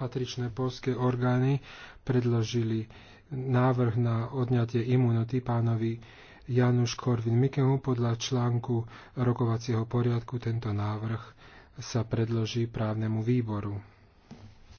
patričné polské orgány predložili návrh na odňatie imunity pánovi Januš Korvin Mikemu podľa článku rokovacieho poriadku tento návrh sa predloží právnemu výboru.